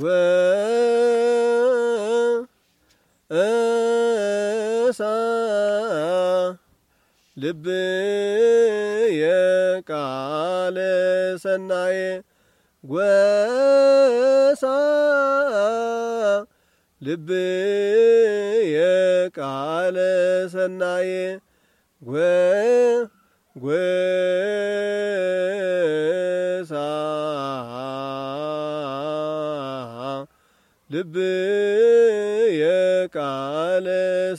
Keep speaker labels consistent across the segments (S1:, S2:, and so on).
S1: ጎሳ ልብየ ቃለ ሰናየ ጎሳ ልብየ ቃለ ሰናየ ጎሳ ልብየ ቃለ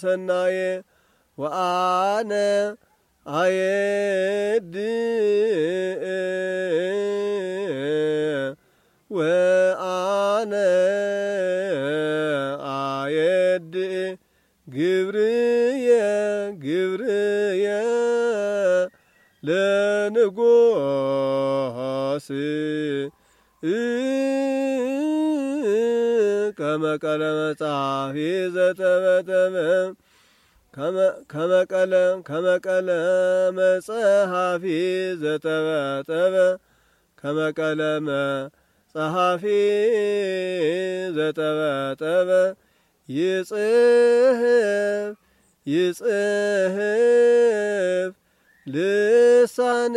S1: ሰናየ ወአነ አየድ ወአነ አየድ ግብርየ ግብርየ ለንጎስ ከመቀለ መጽሐፊ ዘተበተመ ከመቀለ ከመቀለ መጽሐፊ ዘተበተበ ከመቀለ መጽሐፊ ዘተበተበ ይጽህፍ ይጽህፍ ልሳን